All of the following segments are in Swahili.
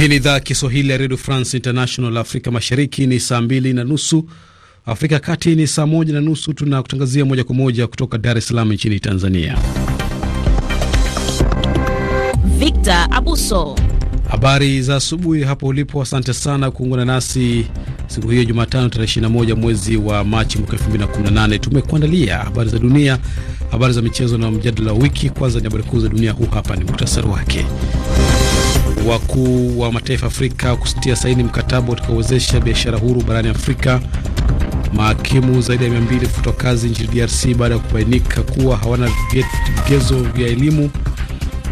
Hii ni idhaa ya Kiswahili ya redio France International. Afrika mashariki ni saa mbili na nusu, Afrika ya kati ni saa moja na nusu. Tunakutangazia moja kwa moja kutoka Dar es Salaam nchini Tanzania. Victor Abuso, habari za asubuhi hapo ulipo. Asante sana kuungana nasi siku hiyo Jumatano tarehe 21 mwezi wa Machi mwaka 2018. Tumekuandalia habari za dunia, habari za michezo na mjadala wa wiki. Kwanza ni habari kuu za dunia, huu hapa ni muhtasari wake. Wakuu wa mataifa Afrika kusitia saini mkataba utakaowezesha biashara huru barani Afrika. Mahakimu zaidi ya mbili kufutwa kazi nchini DRC baada ya kubainika kuwa hawana vigezo vya elimu.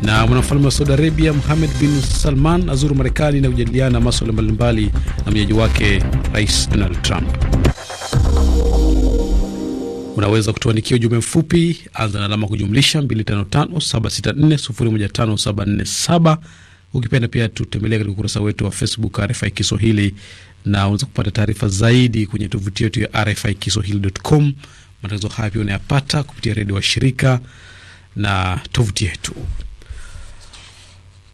Na mwanamfalme wa Saudi Arabia muhamed bin Salman azuru Marekani na kujadiliana maswala mbalimbali na mwenyeji wake Rais Donald Trump. Unaweza kutuandikia ujumbe mfupi, anza na alama kujumlisha 255 Ukipenda pia tutembelee katika ukurasa wetu wa Facebook RFI Kiswahili, na unaweza kupata taarifa zaidi kwenye tovuti yetu ya RFI Kiswahili.com. Matangazo haya pia unayapata kupitia redio wa shirika na tovuti yetu.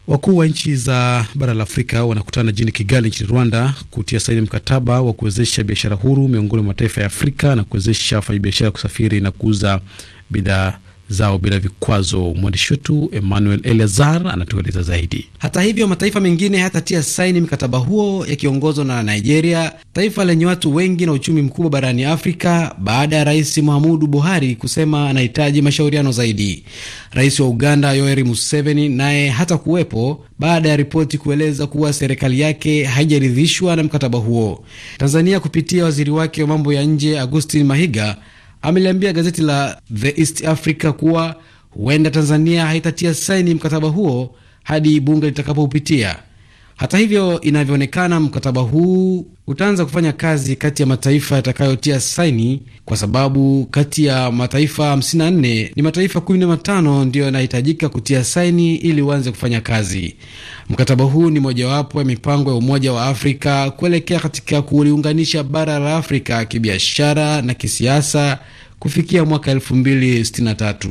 Wakuu wa nchi za bara la Afrika wanakutana jini Kigali nchini Rwanda kutia saini mkataba wa kuwezesha biashara huru miongoni mwa mataifa ya Afrika na kuwezesha wafanyabiashara kusafiri na kuuza bidhaa zao bila vikwazo. Mwandishi wetu Emmanuel Eleazar anatueleza zaidi. Hata hivyo, mataifa mengine hayatatia saini mkataba huo yakiongozwa na Nigeria, taifa lenye watu wengi na uchumi mkubwa barani Afrika, baada ya Rais Muhamudu Buhari kusema anahitaji mashauriano zaidi. Rais wa Uganda Yoweri Museveni naye hata kuwepo baada ya ripoti kueleza kuwa serikali yake haijaridhishwa na mkataba huo. Tanzania kupitia waziri wake wa mambo ya nje agustin Mahiga ameliambia gazeti la The East Africa kuwa huenda Tanzania haitatia saini mkataba huo hadi bunge litakapoupitia. Hata hivyo, inavyoonekana mkataba huu utaanza kufanya kazi kati ya mataifa yatakayotia saini, kwa sababu kati ya mataifa 54 ni mataifa 15 ndiyo yanahitajika kutia saini ili uanze kufanya kazi. Mkataba huu ni mojawapo ya mipango ya Umoja wa Afrika kuelekea katika kuliunganisha bara la Afrika kibiashara na kisiasa kufikia mwaka 2063.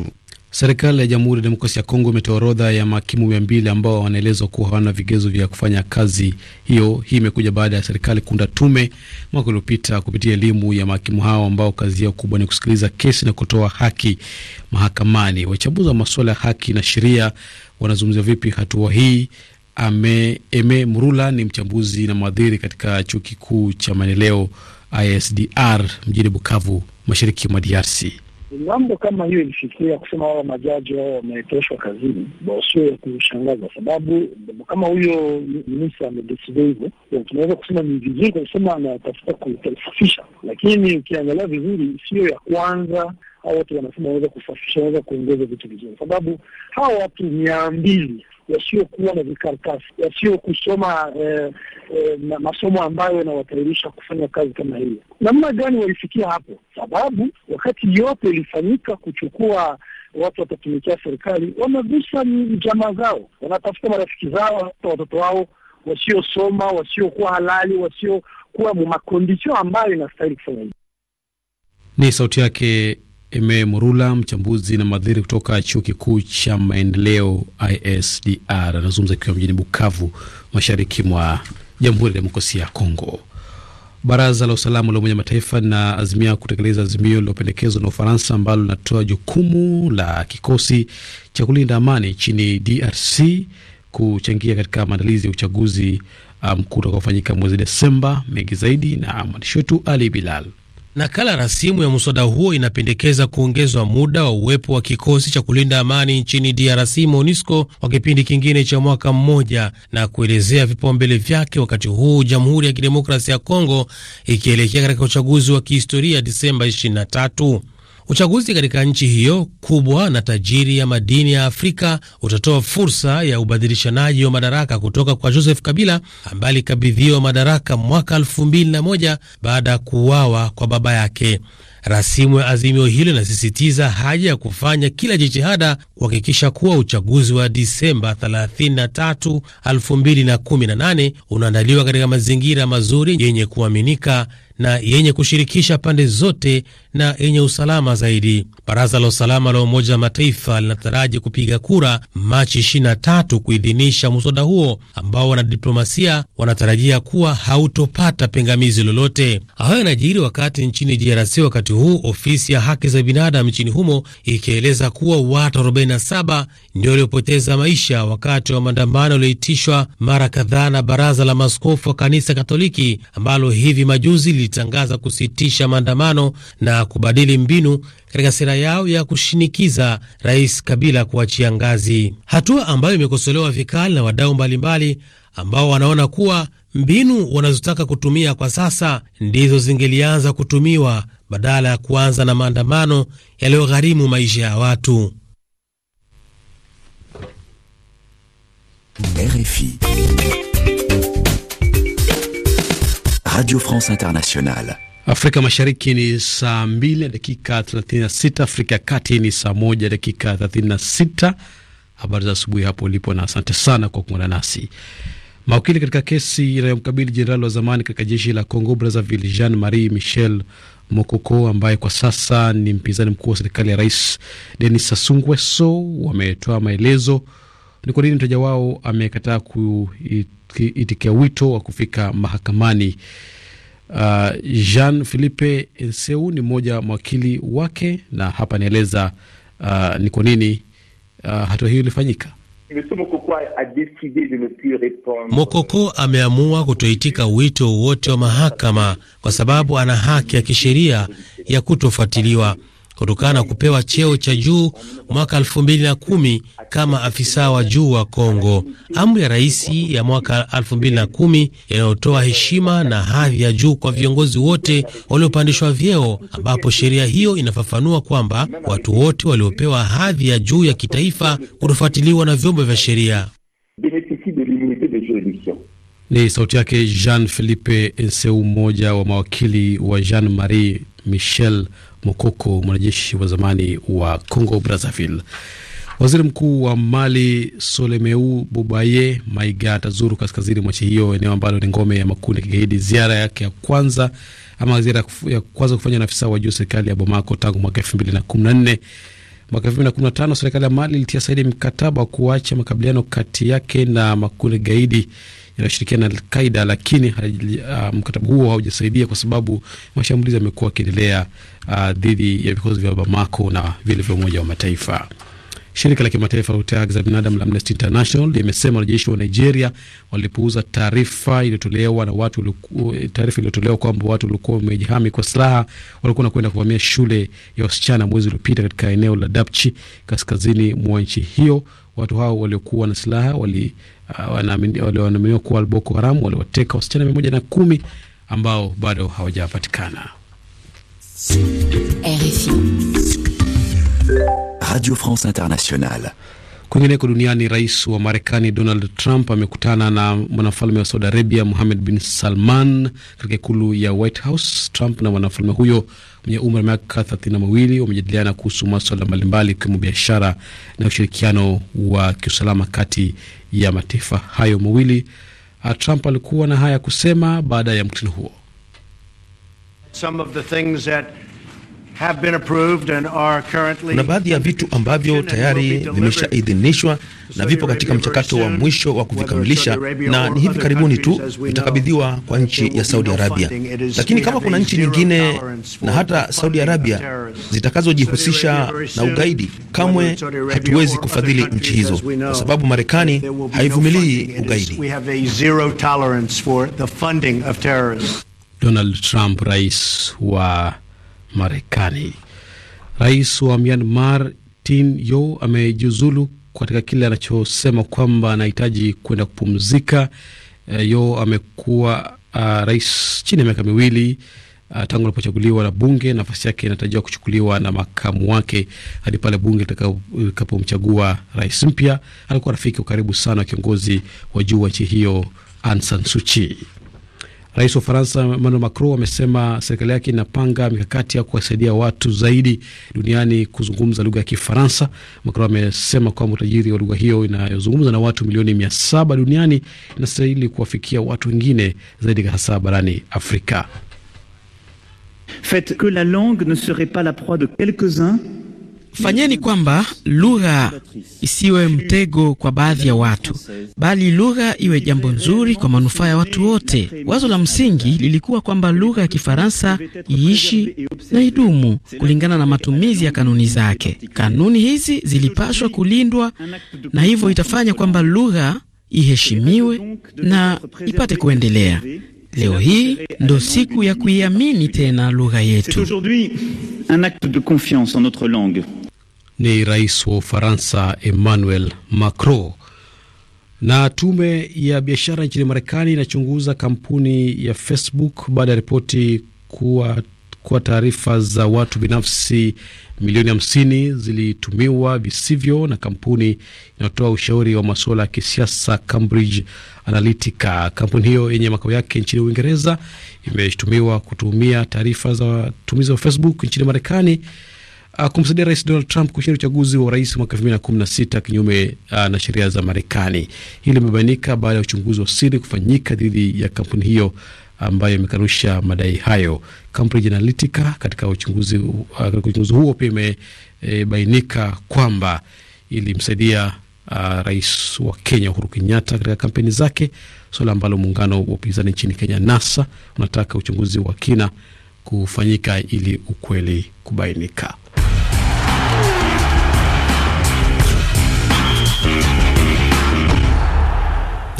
Serikali ya Jamhuri ya Demokrasia ya Kongo imetoa orodha ya mahakimu mia mbili ambao wanaelezwa kuwa hawana vigezo vya kufanya kazi hiyo. Hii imekuja baada ya serikali kuunda tume mwaka uliopita kupitia elimu ya mahakimu hao ambao kazi yao kubwa ni kusikiliza kesi na kutoa haki mahakamani. Wachambuzi wa masuala ya haki na sheria wanazungumzia vipi hatua hii? Ame Eme Mrula ni mchambuzi na mwadhiri katika chuo kikuu cha maendeleo ISDR mjini Bukavu, mashariki mwa DRC. Mambo kama hiyo ilifikia kusema wao majaji wao wametoroshwa kazini, sio ya kushangaza, sababu kama huyo minista amedeside hivyo, tunaweza kusema ni vizuri kusema anatafuta kusafisha lakini ukiangalia vizuri, sio ya kwanza hao watu wanasema wanaweza kusafisha, wanaweza kuongeza vitu vizuri, sababu hawa watu mia mbili yasiyokuwa na vikaratasi, yasiyokusoma eh, eh, masomo ambayo yanawatayarisha kufanya kazi kama hiyo. Namna gani walifikia hapo? Sababu wakati yote ilifanyika kuchukua watu watatumikia serikali, wamegusa jamaa zao, wanatafuta marafiki zao, hata watoto wao wasiosoma, wasiokuwa halali, wasiokuwa makondisio ambayo inastahili kufanya hivi. Ni sauti yake Eme Murula, mchambuzi na madhiri kutoka chuo kikuu cha maendeleo ISDR, anazungumza akiwa mjini Bukavu, mashariki mwa Jamhuri ya Demokrasia ya Kongo. Baraza la usalama la Umoja Mataifa linaazimia kutekeleza azimio lililopendekezwa na Ufaransa ambalo linatoa jukumu la kikosi cha kulinda amani nchini DRC kuchangia katika maandalizi ya uchaguzi mkuu um, utakaofanyika mwezi Desemba. Mengi zaidi na mwandishi wetu Ali Bilal. Nakala rasimu ya mswada huo inapendekeza kuongezwa muda wa uwepo wa kikosi cha kulinda amani nchini DRC MONUSCO kwa kipindi kingine cha mwaka mmoja na kuelezea vipaumbele vyake, wakati huu Jamhuri ya Kidemokrasia ya Kongo ikielekea katika uchaguzi wa kihistoria Disemba 23. Uchaguzi katika nchi hiyo kubwa na tajiri ya madini ya Afrika utatoa fursa ya ubadilishanaji wa madaraka kutoka kwa Joseph Kabila ambaye alikabidhiwa madaraka mwaka 2001 baada ya kuuawa kwa baba yake. Rasimu ya azimio hilo inasisitiza haja ya kufanya kila jitihada kuhakikisha kuwa uchaguzi wa Disemba 33, 2018 unaandaliwa katika mazingira mazuri yenye kuaminika na yenye kushirikisha pande zote na yenye usalama zaidi. Baraza la usalama la Umoja wa Mataifa linataraji kupiga kura Machi 23 kuidhinisha muswada huo ambao wanadiplomasia wanatarajia kuwa hautopata pingamizi lolote. Hayo yanajiri wakati nchini DRC wakati huu, ofisi ya haki za binadamu nchini humo ikieleza kuwa watu 47 ndio waliopoteza maisha wakati wa maandamano yaliyoitishwa mara kadhaa na baraza la maskofu wa kanisa Katoliki ambalo hivi majuzi lilitangaza kusitisha maandamano na kubadili mbinu katika sera yao ya kushinikiza Rais Kabila kuachia ngazi, hatua ambayo imekosolewa vikali na wadau mbalimbali ambao wanaona kuwa mbinu wanazotaka kutumia kwa sasa ndizo zingelianza kutumiwa badala ya kuanza na maandamano yaliyogharimu maisha ya watu. RFI Radio France Internationale. Afrika Mashariki ni saa 2 dakika 36, Afrika ya Kati ni saa 1 dakika 36. Habari za asubuhi hapo ulipo, na asante sana kwa kuungana nasi. Mawakili katika kesi inayomkabili jenerali wa zamani katika jeshi la Congo Brazzaville Jean Marie Michel Mokoko ambaye kwa sasa ni mpinzani mkuu wa serikali ya Rais Denis Sassou Nguesso wametoa maelezo ni kwa nini mteja wao amekataa kuitikia wito wa kufika mahakamani. Uh, Jean Philippe Nseu ni mmoja mawakili wake, na hapa anaeleza uh, ni kwa nini uh, hatua hiyo ilifanyika. Mokoko ameamua kutoitika wito wowote wa mahakama kwa sababu ana haki ya kisheria ya kutofuatiliwa kutokana na kupewa cheo cha juu mwaka 2010 kama afisa wa juu wa Kongo. Amri ya rais ya mwaka 2010 yanayotoa heshima na hadhi ya juu kwa viongozi wote waliopandishwa vyeo, ambapo sheria hiyo inafafanua kwamba watu wote waliopewa hadhi ya juu ya kitaifa kutofuatiliwa na vyombo vya sheria. Ni sauti yake Jean Philippe Nseu, mmoja wa mawakili wa Jean Marie Michel Mokoko, mwanajeshi wa zamani wa Congo Brazzaville. Waziri Mkuu wa Mali Solemeu Bobaye Maiga atazuru kaskazini mwa nchi hiyo, eneo ambalo ni ngome ya makundi ya kigaidi. Ziara yake ya kwanza ama ziara ya kwanza kufanya na afisa wa juu serikali ya Bamako tangu mwaka elfu mbili na kumi na nne Mwaka 2015 serikali ya Mali ilitia saini mkataba wa kuacha makabiliano kati yake na makundi gaidi yanayoshirikiana na Alqaida, lakini uh, mkataba huo haujasaidia kwa sababu mashambulizi yamekuwa yakiendelea uh, dhidi ya vikosi vya Bamako na vile vya Umoja wa Mataifa. Shirika la kimataifa la uteaji za binadamu la Amnesty International limesema wanajeshi wa Nigeria walipuuza taarifa iliyotolewa na watu, eh, taarifa iliyotolewa kwamba watu walikuwa wamejihami kwa silaha walikuwa wanakwenda kuvamia shule ya wasichana mwezi uliopita katika eneo la Dapchi kaskazini mwa nchi hiyo. Watu hao waliokuwa na silaha ah, wanaaminiwa kuwa Boko Haram waliwateka wasichana mia moja na kumi ambao bado hawajapatikana. RFI Radio France Internationale. Kwingineko duniani, rais wa Marekani Donald Trump amekutana na mwanamfalme wa Saudi Arabia Muhamed bin Salman katika ikulu ya White House. Trump na mwanamfalme huyo mwenye umri wa miaka thelathini na mawili wamejadiliana kuhusu maswala mbalimbali ikiwemo biashara na ushirikiano wa kiusalama kati ya mataifa hayo mawili. Ah, Trump alikuwa na haya kusema baada ya mkutano huo. Some of the things that kuna baadhi ya vitu ambavyo tayari vimeshaidhinishwa na vipo katika mchakato wa mwisho wa kuvikamilisha, na ni hivi karibuni tu vitakabidhiwa kwa nchi ya Saudi Arabia. Lakini kama kuna nchi nyingine na hata Saudi Arabia zitakazojihusisha na ugaidi, kamwe hatuwezi kufadhili nchi hizo, kwa sababu Marekani haivumilii ugaidi. Donald Trump, rais wa Marekani. Rais wa Myanmar Tin Yo amejiuzulu katika kile anachosema kwamba anahitaji kwenda kupumzika. E, Yo amekuwa ah, rais chini ya miaka miwili ah, tangu alipochaguliwa na bunge. Nafasi yake inatarajiwa kuchukuliwa na makamu wake hadi pale bunge litakapomchagua rais mpya. Alikuwa rafiki wa karibu sana wa kiongozi wa juu wa nchi hiyo Aung San Suu Kyi. Rais wa Ufaransa Emmanuel Macron amesema serikali yake inapanga mikakati ya kuwasaidia watu zaidi duniani kuzungumza lugha ya Kifaransa. Macron amesema kwamba utajiri wa lugha hiyo inayozungumza na watu milioni mia saba duniani inastahili kuwafikia watu wengine zaidi, hasa barani Afrika. Faites que la langue ne serait pas la proie de quelques-uns Fanyeni kwamba lugha isiwe mtego kwa baadhi ya watu, bali lugha iwe jambo nzuri kwa manufaa ya watu wote. Wazo la msingi lilikuwa kwamba lugha ya Kifaransa iishi na idumu kulingana na matumizi ya kanuni zake. Kanuni hizi zilipaswa kulindwa, na hivyo itafanya kwamba lugha iheshimiwe na ipate kuendelea. Leo hii ndo siku ya kuiamini tena lugha yetu ni rais wa Ufaransa Emmanuel Macron. Na tume ya biashara nchini Marekani inachunguza kampuni ya Facebook baada ya ripoti kuwa kuwa taarifa za watu binafsi milioni 50 zilitumiwa visivyo na kampuni inayotoa ushauri wa masuala ya kisiasa Cambridge Analytica. Kampuni hiyo yenye makao yake nchini Uingereza imeshutumiwa kutumia taarifa za watumizi wa Facebook nchini Marekani uh, kumsaidia Rais Donald Trump kushinda uchaguzi wa urais mwaka sita kinyume uh, na sheria za Marekani. Hili limebainika baada ya uchunguzi wa siri kufanyika dhidi ya kampuni hiyo ambayo imekanusha madai hayo. Cambridge Analytica katika uchunguzi, uh, katika uchunguzi huo pia imebainika eh, e, kwamba ilimsaidia Uh, rais wa Kenya Uhuru Kenyatta katika kampeni zake, suala ambalo muungano wa upinzani nchini Kenya NASA unataka uchunguzi wa kina kufanyika ili ukweli kubainika.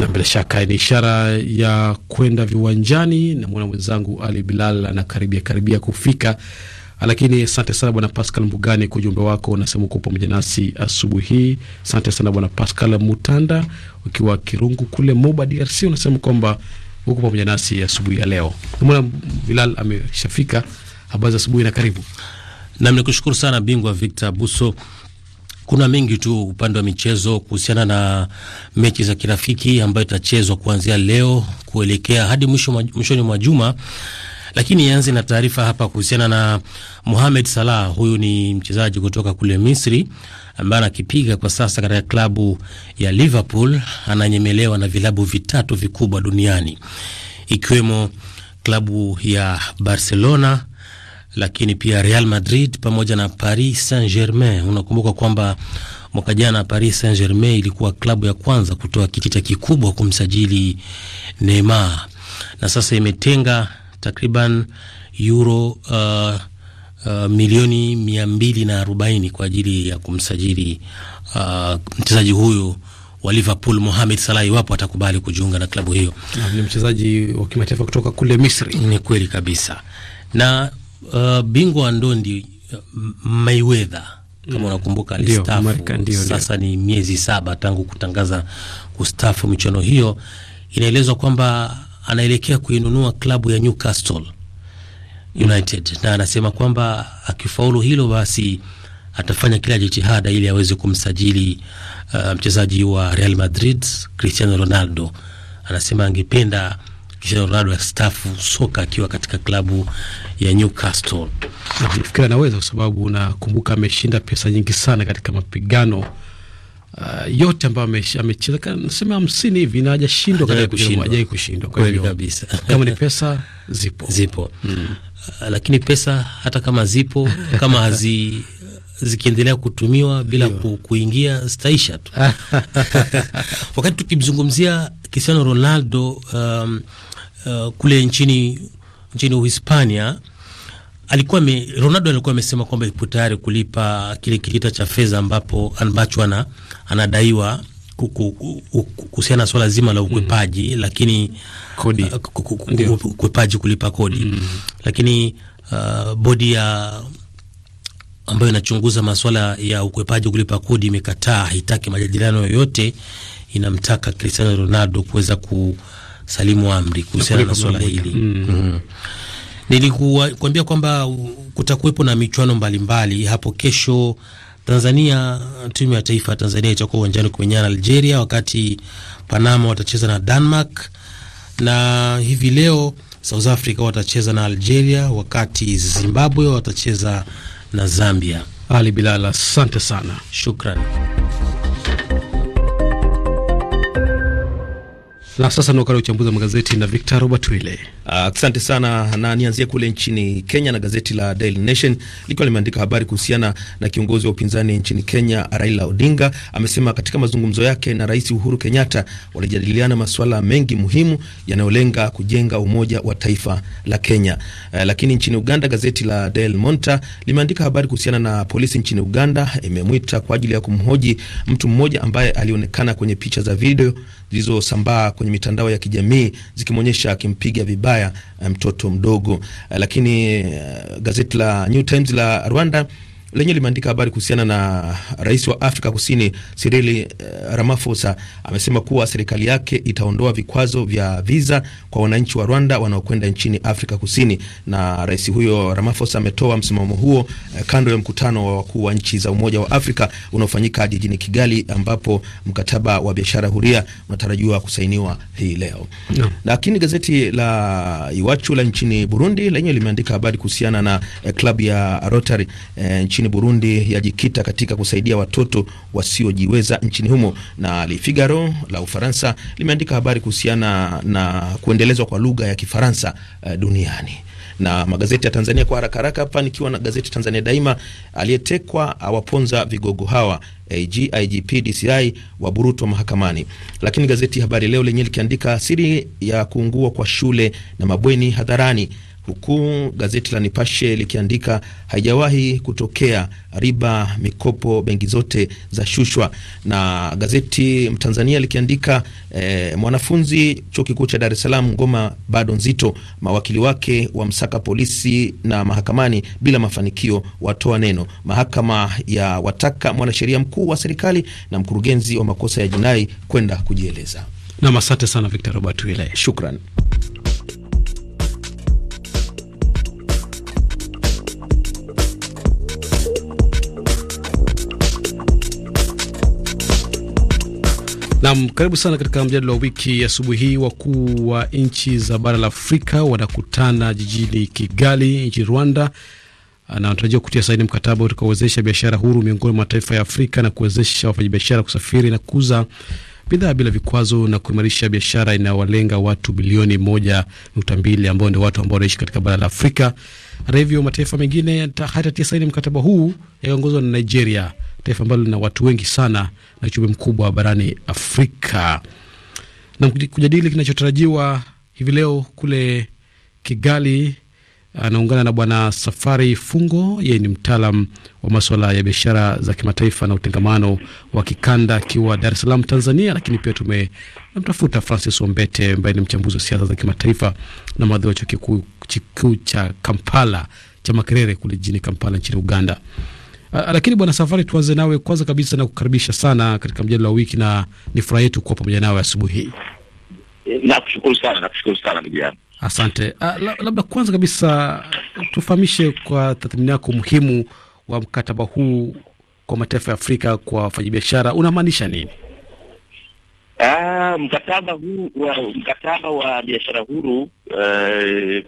na bila shaka ni ishara ya kwenda viwanjani. Namwona mwenzangu Ali Bilal anakaribia karibia kufika, lakini asante sana Bwana Pascal Mbugani kwa ujumbe wako, unasema uko pamoja nasi asubuhi hii. Asante sana Bwana Pascal Mutanda ukiwa Kirungu kule Moba, DRC, unasema kwamba uko pamoja nasi asubuhi ya leo. Namwona Bilal ameshafika. Habari za asubuhi na karibu nam. Ni kushukuru sana bingwa Victor Buso kuna mengi tu upande wa michezo kuhusiana na mechi za kirafiki ambayo itachezwa kuanzia leo kuelekea hadi mwishoni mwa juma, lakini anze na taarifa hapa kuhusiana na Mohamed Salah. Huyu ni mchezaji kutoka kule Misri ambaye anakipiga kwa sasa katika klabu ya Liverpool. Ananyemelewa na vilabu vitatu vikubwa duniani ikiwemo klabu ya Barcelona lakini pia Real Madrid pamoja na Paris Saint-Germain. Unakumbuka kwamba mwaka jana Paris Saint-Germain ilikuwa klabu ya kwanza kutoa kitita kikubwa kumsajili Neymar, na sasa imetenga takriban euro uh, Uh, milioni mia mbili na arobaini kwa ajili ya kumsajili uh, mchezaji huyo wa Liverpool Mohamed Salah iwapo atakubali kujiunga na klabu hiyo. Ni mchezaji wa kimataifa kutoka kule Misri. Ni kweli kabisa na uh, bingwa ndondi uh, Mayweather kama mm, unakumbuka alistaafu. Sasa ni miezi saba tangu kutangaza kustaafu michuano hiyo. Inaelezwa kwamba anaelekea kuinunua klabu ya Newcastle United mm, na anasema kwamba akifaulu hilo basi atafanya kila jitihada ili aweze kumsajili uh, mchezaji wa Real Madrid Cristiano Ronaldo. Anasema angependa kisha Ronaldo astaafu soka akiwa katika klabu ya Newcastle. Nafikiri anaweza kwa sababu unakumbuka ameshinda pesa nyingi sana katika mapigano uh, yote ambayo amecheza nasema hamsini hivi na hajashindwa hajai kushindwa. Kwa hivyo kabisa, kama ni pesa zipo zipo mm. Uh, lakini pesa hata kama zipo kama hazi zikiendelea kutumiwa bila ku, kuingia zitaisha tu. Wakati tukimzungumzia Cristiano Ronaldo um, Eh, kule nchini nchini Uhispania alikuwa me, Ronaldo alikuwa amesema kwamba ipo tayari kulipa kile kiita cha fedha ambapo ambacho ana anadaiwa kuhusiana na swala zima la mm. ukwepaji mm. lakini kodi eh, ukwepaji kulipa kodi mm. lakini uh, bodi ya ambayo inachunguza masuala ya ukwepaji kulipa kodi imekataa, haitaki majadiliano yoyote, inamtaka Cristiano Ronaldo kuweza ku salimu amri kuhusiana na swala hili mm. mm. Nilikuambia kwamba kutakuwepo na michuano mbalimbali mbali. Hapo kesho Tanzania, timu ya taifa ya Tanzania itakuwa uwanjani kumenyana na Algeria, wakati Panama watacheza na Denmark, na hivi leo South Africa watacheza na Algeria, wakati Zimbabwe watacheza na Zambia. Ali Bilal, asante sana, shukran. Na sasa ni wakati wa uchambuzi wa magazeti na Victor Robert Wile. Asante uh, sana na nianzie kule nchini Kenya na gazeti la Daily Nation likiwa limeandika habari kuhusiana na kiongozi wa upinzani nchini Kenya Raila Odinga. Amesema katika mazungumzo yake na Rais Uhuru Kenyatta walijadiliana masuala mengi muhimu yanayolenga kujenga umoja wa taifa la Kenya. Uh, lakini nchini Uganda gazeti la Daily Monitor limeandika habari kuhusiana na polisi nchini Uganda imemwita kwa ajili ya kumhoji mtu mmoja ambaye alionekana kwenye picha za video zilizosambaa kwenye mitandao ya kijamii zikimwonyesha akimpiga vibaya eh, mtoto mdogo. Eh, lakini eh, gazeti la New Times la Rwanda lenye limeandika habari kuhusiana na rais wa Afrika Kusini Cyril eh, Ramaphosa amesema kuwa serikali yake itaondoa vikwazo vya viza kwa wananchi wa Rwanda wanaokwenda nchini Afrika Kusini. Na rais huyo Ramaphosa ametoa msimamo huo eh, kando ya mkutano wa wakuu wa nchi za Umoja wa Afrika unaofanyika jijini Kigali, ambapo mkataba wa biashara huria unatarajiwa kusainiwa hii leo. Lakini gazeti la Iwachu la nchini Burundi lenye limeandika habari kuhusiana na eh, klabu ya Rotary eh, nchini Burundi yajikita katika kusaidia watoto wasiojiweza nchini humo, na Le Figaro la Ufaransa limeandika habari kuhusiana na kuendelezwa kwa lugha ya Kifaransa uh, duniani na magazeti ya Tanzania kwa haraka haraka hapa, nikiwa na gazeti Tanzania Daima, aliyetekwa awaponza vigogo hawa AG, eh, IGP, DCI waburutwa mahakamani. Lakini gazeti Habari Leo lenyewe likiandika siri ya kuungua kwa shule na mabweni hadharani, huku gazeti la Nipashe likiandika haijawahi kutokea riba, mikopo benki zote za shushwa, na gazeti Mtanzania likiandika eh, mwanafunzi chuo kikuu cha Dar es Salaam, ngoma bado nzito, mawakili wake wamsaka polisi na mahakamani bila mafanikio, watoa neno, mahakama ya wataka mwanasheria mkuu wa serikali na mkurugenzi wa makosa ya jinai kwenda kujieleza. Nam, asante sana Victor Robert Wile, shukran. Nam, karibu sana katika mjadala wa wiki asubuhi hii. Wakuu wa nchi za bara la Afrika wanakutana jijini Kigali nchini Rwanda ah, na wanatarajiwa kutia saini mkataba utakaowezesha biashara huru miongoni mwa mataifa ya Afrika na kuwezesha wafanyabiashara kusafiri na kuuza bidhaa bila vikwazo na kuimarisha biashara inayowalenga watu bilioni moja nukta mbili ambao ndio watu ambao wanaishi katika bara la Afrika. Hata hivyo, mataifa mengine hayatatia saini mkataba huu yakiongozwa na Nigeria, taifa ambalo lina watu wengi sana na uchumi mkubwa barani Afrika. Na kujadili kinachotarajiwa hivi leo kule Kigali, anaungana ah, na Bwana Safari Fungo. Yeye ni mtaalam wa maswala ya biashara za kimataifa na utengamano wa kikanda akiwa Dar es Salaam, Tanzania. Lakini pia tumemtafuta Francis Ombete ambaye ni mchambuzi wa siasa za kimataifa na mhadhiri wa chuo kikuu cha Kampala cha Makerere kule jijini Kampala nchini Uganda. Ah, lakini bwana Safari, tuanze nawe kwanza kabisa na kukaribisha sana katika mjadala wa wiki, na ni furaha yetu kuwa pamoja nawe asubuhi hii. Eh, nakushukuru sana, nakushukuru sana ndugu yangu. Asante. A, ah, la, labda kwanza kabisa tufahamishe kwa tathmini yako muhimu wa mkataba huu kwa mataifa ya Afrika kwa wafanyabiashara unamaanisha nini? Ah, mkataba huu wa mkataba wa biashara huru e,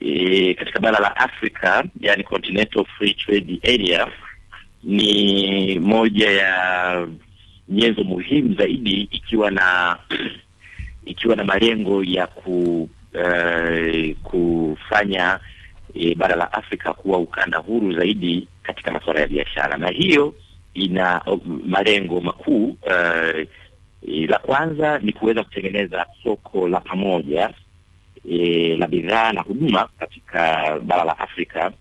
e, katika bara la Afrika, yani Continental Free Trade Area ni moja ya nyenzo muhimu zaidi, ikiwa na ikiwa na malengo ya ku uh, kufanya uh, bara la Afrika kuwa ukanda huru zaidi katika masuala ya biashara, na hiyo ina oh, malengo makuu uh, la kwanza ni kuweza kutengeneza soko la pamoja e, la bidhaa na huduma katika bara la Afrika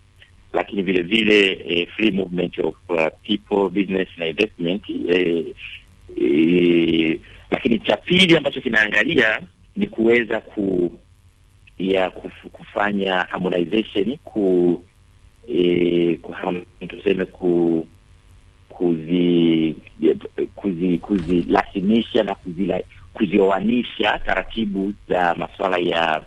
lakini vile vile eh, free movement of uh, people business na investment eh, eh, lakini cha pili ambacho kinaangalia ni kuweza ku ya kuf, kufanya harmonization ku eh, tuseme ku kuzi kuzi kuzilasimisha na kuzila, kuzioanisha taratibu za masuala ya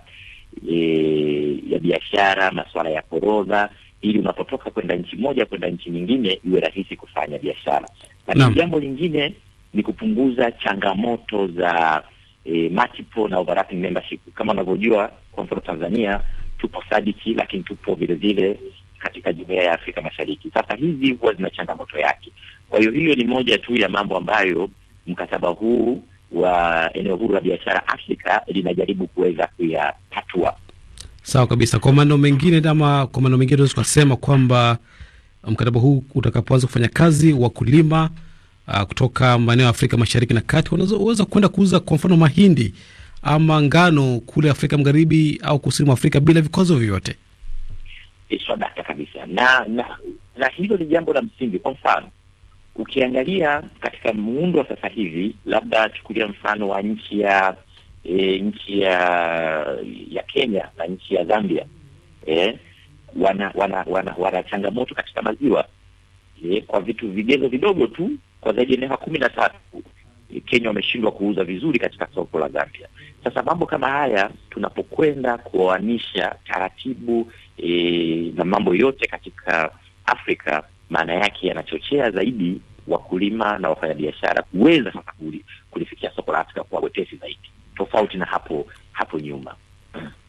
e, ya biashara, masuala ya forodha ili unapotoka kwenda nchi moja kwenda nchi nyingine iwe rahisi kufanya biashara. Lakini jambo lingine ni kupunguza changamoto za e, multiple na overlapping membership. Kama unavyojua, kwa mfano Tanzania tupo sadiki, lakini tupo vile vile katika jumuiya ya Afrika Mashariki. Sasa hizi huwa zina changamoto yake. Kwa hiyo hiyo ni moja tu ya mambo ambayo mkataba huu wa eneo huru la biashara Afrika linajaribu kuweza kuyatatua. Sawa kabisa. Kwa maneno mengine ama kwa maneno mengine tunaweza kusema kwamba um, mkataba huu utakapoanza kufanya kazi, wakulima uh, kutoka maeneo ya Afrika Mashariki na Kati wanaweza kwenda kuuza kwa mfano mahindi ama ngano kule Afrika Magharibi au kusini mwa Afrika bila vikwazo vyovyote. Sadaka kabisa, na na, na hilo ni jambo la msingi. Kwa mfano ukiangalia katika muundo wa sasa hivi, labda chukulia mfano wa nchi ya e, nchi ya ya Kenya na nchi ya Zambia e, wana, wana wana wana changamoto katika maziwa e, kwa vitu vigezo vidogo tu. Kwa zaidi ya miaka kumi na tatu e, Kenya wameshindwa kuuza vizuri katika soko la Zambia. Sasa mambo kama haya tunapokwenda kuoanisha taratibu e, na mambo yote katika Afrika, maana yake yanachochea zaidi wakulima na wafanyabiashara kuweza sasa kulifikia soko la Afrika kwa wepesi zaidi tofauti na hapo hapo nyuma.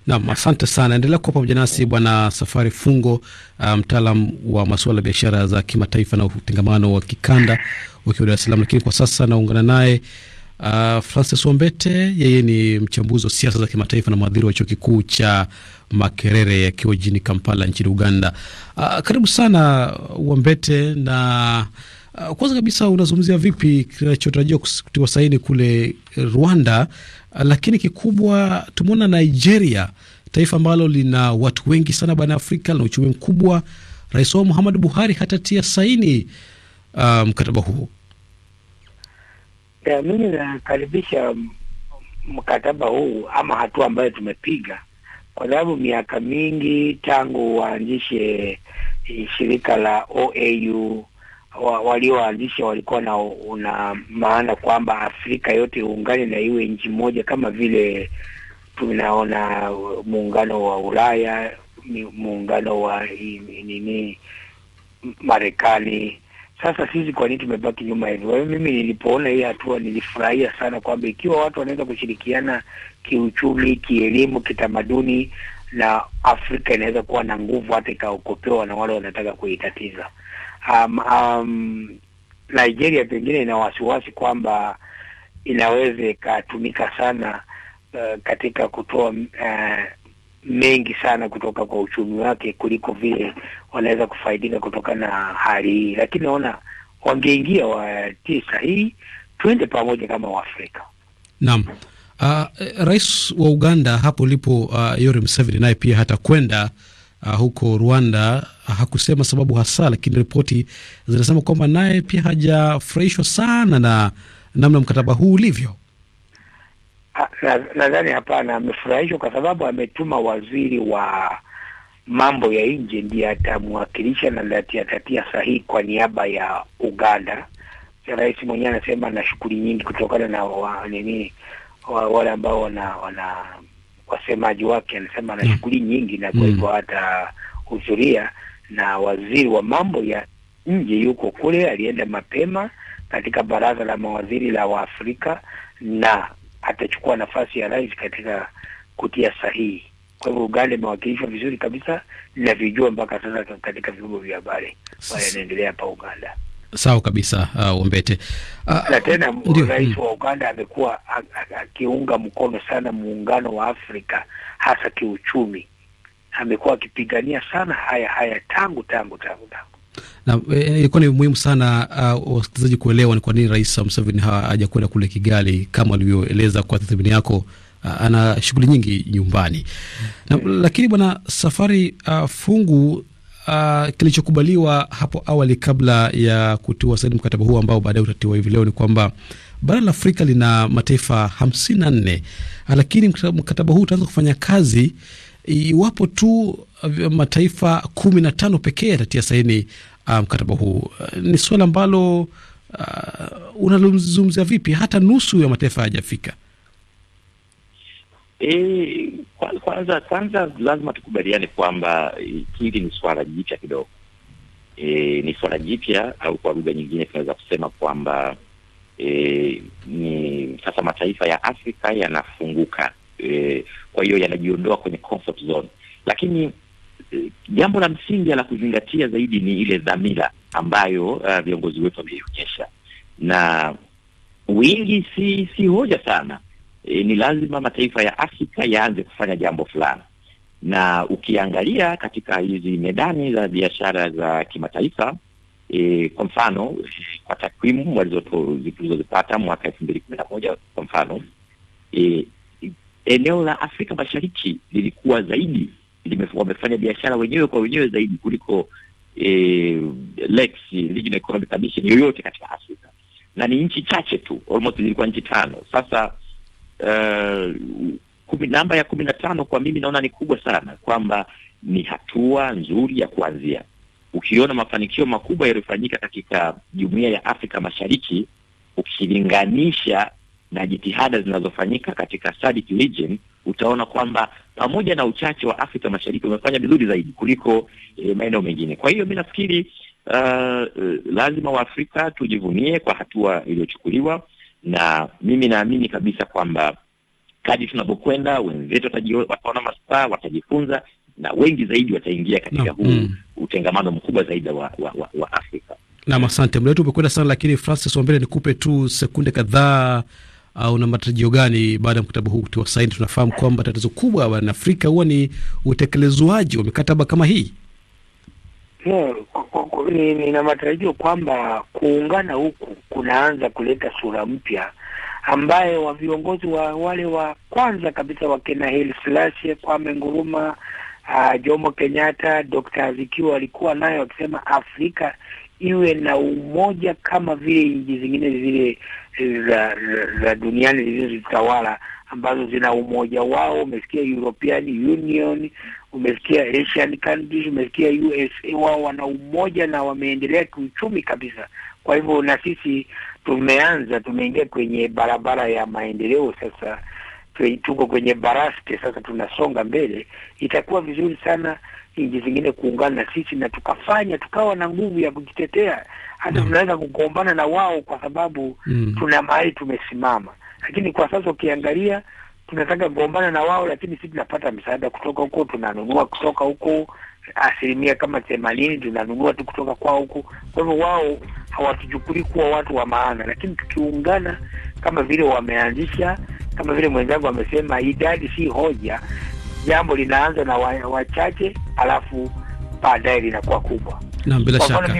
Naam, asante sana. Endelea kuwa pamoja nasi Bwana Safari Fungo, uh, mtaalam um, wa masuala ya biashara za kimataifa na utengamano wa kikanda ukiwa Dar es Salaam. Lakini kwa sasa naungana naye uh, Francis Wambete, yeye ni mchambuzi wa siasa za kimataifa na mhadhiri wa chuo kikuu cha Makerere akiwa jijini Kampala nchini Uganda. Uh, karibu sana Wambete na uh, kwanza kabisa unazungumzia vipi kinachotarajiwa kutiwa saini kule Rwanda Ah, lakini kikubwa tumeona Nigeria, taifa ambalo lina watu wengi sana barani Afrika, lina uchumi mkubwa. Rais wao muhamad Buhari hatatia saini uh, mkataba huo. Yeah, mimi nakaribisha mkataba huu ama hatua ambayo tumepiga, kwa sababu miaka mingi tangu waanzishe eh, shirika la OAU wa, walioanzisha walikuwa na una maana kwamba Afrika yote iungane na iwe nchi moja, kama vile tunaona muungano wa Ulaya, muungano wa nini Marekani. Sasa sisi kwa nini tumebaki nyuma hivi Kwa hiyo mimi nilipoona hii hatua nilifurahia sana kwamba ikiwa watu wanaweza kushirikiana kiuchumi, kielimu, kitamaduni na Afrika inaweza kuwa na nguvu hata ikaokopewa na wale wanataka kuitatiza um, um, Nigeria pengine ina wasiwasi kwamba inaweza ikatumika sana uh, katika kutoa uh, mengi sana kutoka kwa uchumi wake kuliko vile wanaweza kufaidika kutokana na hali hii, lakini naona wangeingia watie sahihi, twende pamoja kama Waafrika. Naam. Uh, eh, rais wa Uganda hapo ulipo, uh, Yoweri Museveni naye pia hata kwenda uh, huko Rwanda ah, hakusema sababu hasa, lakini ripoti zinasema kwamba naye pia hajafurahishwa sana na namna mkataba huu ulivyo. Nadhani na hapana, amefurahishwa kwa sababu ametuma waziri wa mambo ya nje ndiye atamwakilisha na atatia sahihi kwa niaba ya Uganda. Rais mwenyewe anasema na shughuli nyingi kutokana na wa, nini wale ambao wana, wana wasemaji wake, anasema ana mm. shughuli nyingi na kwa mm. hivyo hudhuria na waziri wa mambo ya nje yuko kule, alienda mapema katika baraza la mawaziri la Waafrika na atachukua nafasi ya rais katika kutia sahihi. Kwa hivyo Uganda imewakilishwa vizuri kabisa, ninavyojua mpaka sasa katika vyombo vya habari ambayo yanaendelea hapa Uganda. Sawa kabisa uh, uh, na tena rais mm. wa Uganda amekuwa akiunga mkono sana muungano wa Afrika hasa kiuchumi, amekuwa akipigania sana haya haya tangu tangu tangu tangu eh, eh, ilikuwa ni muhimu sana uh, wasikilizaji kuelewa ni kwa nini Rais Museveni hajakwenda kule Kigali kama alivyoeleza kwa tathmini yako. Uh, ana shughuli nyingi nyumbani na, mm. lakini bwana Safari uh, Fungu uh, kilichokubaliwa hapo awali kabla ya kutiwa saini mkataba huu ambao baadaye utatiwa hivi leo ni kwamba bara la Afrika lina mataifa 54 ah, lakini mkataba huu utaanza kufanya kazi iwapo tu mataifa kumi na tano pekee yatatia saini ah, mkataba um, huu. Ni suala ambalo uh, unalozungumzia vipi? Hata nusu ya mataifa hayajafika. E, kwanza kwanza lazima tukubaliane kwamba eh, hili ni swala jipya kidogo. E, ni swala jipya au kwa lugha nyingine tunaweza kusema kwamba e, ni sasa mataifa ya Afrika yanafunguka, e, kwa hiyo yanajiondoa kwenye comfort zone, lakini e, jambo la msingi la kuzingatia zaidi ni ile dhamira ambayo uh, viongozi wetu wameionyesha, na wingi si si hoja sana e, ni lazima mataifa ya Afrika yaanze kufanya jambo fulani, na ukiangalia katika hizi medani za biashara za kimataifa e, kwa mfano e, kwa takwimu walizozipata mwaka elfu mbili kumi na moja kwa mfano e, eneo la Afrika Mashariki lilikuwa zaidi wamefanya biashara wenyewe kwa wenyewe zaidi kuliko eh, LEX, Regional Economic Commission yoyote katika Afrika, na ni nchi chache tu, almost zilikuwa nchi tano. Sasa uh, namba ya kumi na tano kwa mimi naona ni kubwa sana, kwamba ni hatua nzuri ya kuanzia. Ukiona mafanikio makubwa yaliyofanyika katika jumuiya ya Afrika Mashariki ukilinganisha na jitihada zinazofanyika katika SADC region utaona kwamba pamoja na uchache wa Afrika Mashariki umefanya vizuri zaidi kuliko eh, maeneo mengine. Kwa hiyo mi nafikiri uh, lazima Waafrika tujivunie kwa hatua iliyochukuliwa na mimi naamini kabisa kwamba kadi tunavyokwenda wenzetu wataona masaa watajifunza na wengi zaidi wataingia katika no. huu mm. utengamano mkubwa zaidi wa, wa, wa, wa Afrika. Nam, asante. Muda wetu umekwenda sana, lakini Francis Wambele, nikupe tu sekunde kadhaa. Uh, una matarajio gani baada ya mkataba huu kutiwa saini? Tunafahamu kwamba tatizo kubwa barani Afrika huwa ni utekelezwaji wa mikataba kama hii. Yeah, nina matarajio kwamba kuungana huku kunaanza kuleta sura mpya ambaye wa viongozi wa wale wa kwanza kabisa wakina Haile Selassie, Kwame Nkrumah, uh, Jomo Kenyatta, Dr. Azikiwe walikuwa nayo wakisema Afrika iwe na umoja kama vile nchi zingine zile za, eh, za, za duniani zilizozitawala ambazo zina umoja wao. Umesikia European Union umesikia Asian countries, umesikia USA, wao wana umoja na wameendelea kiuchumi kabisa. Kwa hivyo na sisi tumeanza, tumeingia kwenye barabara ya maendeleo sasa, tuko kwenye baraste sasa, tunasonga mbele. Itakuwa vizuri sana nchi zingine kuungana na sisi na tukafanya tukawa na nguvu ya kujitetea, hata tunaweza kugombana na wao kwa sababu mm, tuna mahali tumesimama, lakini kwa sasa ukiangalia tunataka kugombana na wao, lakini si tunapata msaada kutoka huko, tunanunua kutoka huko asilimia kama themanini tunanunua tu kutoka kwao huku. Kwa hivyo wao hawatuchukuli kuwa watu wa maana, lakini tukiungana kama vile wameanzisha, kama vile mwenzangu amesema, idadi si hoja. Jambo linaanza na wachache wa alafu baadaye linakuwa kubwa. Naam, bila shaka.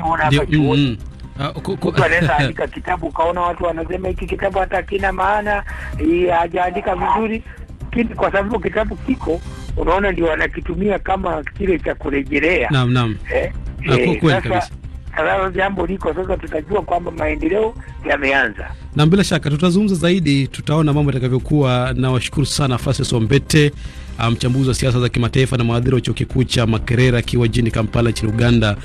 Ah, Mtu anaweza andika kitabu ukaona watu wanasema hiki kitabu hata kina maana, hajaandika vizuri, lakini kwa sababu kitabu kiko, unaona ndio wanakitumia kama kile cha kurejelea. Naam, naam. Eh, ah, eh, sasa sasa jambo liko sasa, tutajua kwamba maendeleo yameanza, na bila shaka tutazungumza zaidi, tutaona mambo yatakavyokuwa. Na washukuru sana Francis Ombete, ah, mchambuzi um, wa siasa za kimataifa na mhadhiri wa chuo kikuu cha Makerere akiwa jini Kampala nchini Uganda,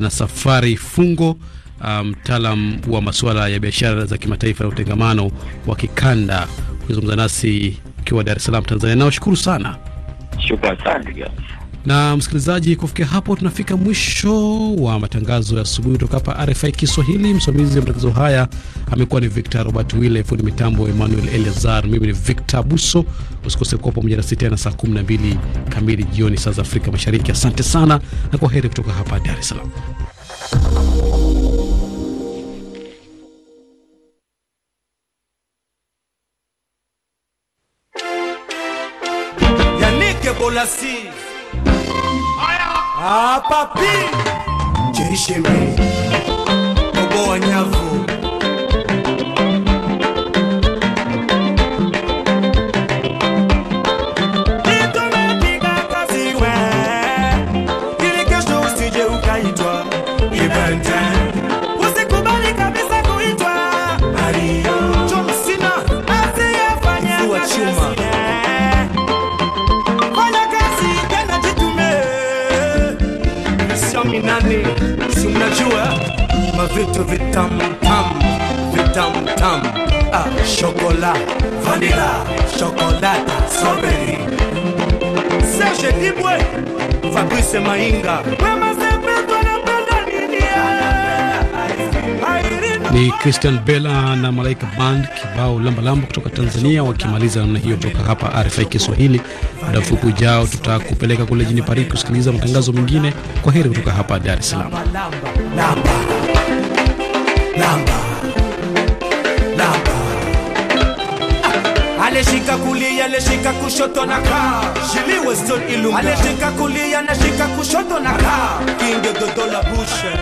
na Safari Fungo Ah, mtaalam um, wa masuala ya biashara za kimataifa na utengamano wa kikanda kuzungumza nasi ukiwa Dar es Salaam, Tanzania. Nawashukuru sana. Shukrani sana. Na msikilizaji, kufikia hapo tunafika mwisho wa matangazo ya asubuhi kutoka hapa RFI Kiswahili. Msimamizi wa matangazo haya amekuwa ni Victor Robert Wille, fundi mitambo Emmanuel Eleazar. Mimi ni Victor Buso. Usikose kuwa pamoja nasi tena saa 12 kamili jioni saa za Afrika Mashariki. Asante sana na kwa heri kutoka hapa Dar es Salaam. Assis. Ah, papi! o bom Anhavu. vitu vitamtamu vitamtamu ah, shokola vanila shokolata soberi serge dibwe fabrice mainga ni Christian Bella na Malaika Band kibao lambalamba kutoka Tanzania, wakimaliza namna hiyo kutoka hapa RFI Kiswahili. Muda mfupi ujao, tutakupeleka kule jini Paris kusikiliza matangazo mengine. Kwa heri kutoka hapa Dar es Salaam lamba lamba ah. kulia alishika kushoto na kaa shiliwe stol ilunga alishika kulia nashika kushoto na kaa kinge dodola bushe